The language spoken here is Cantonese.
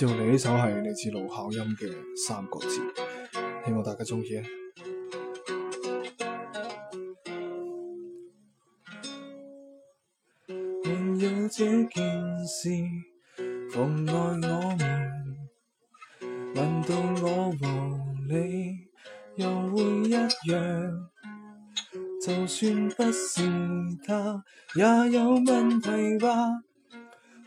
接嚟呢首係嚟自盧巧音嘅《三角誌》，希望大家中意啊！沒有這件事妨礙我們，難道我和你又會一樣？就算不是他，也有問題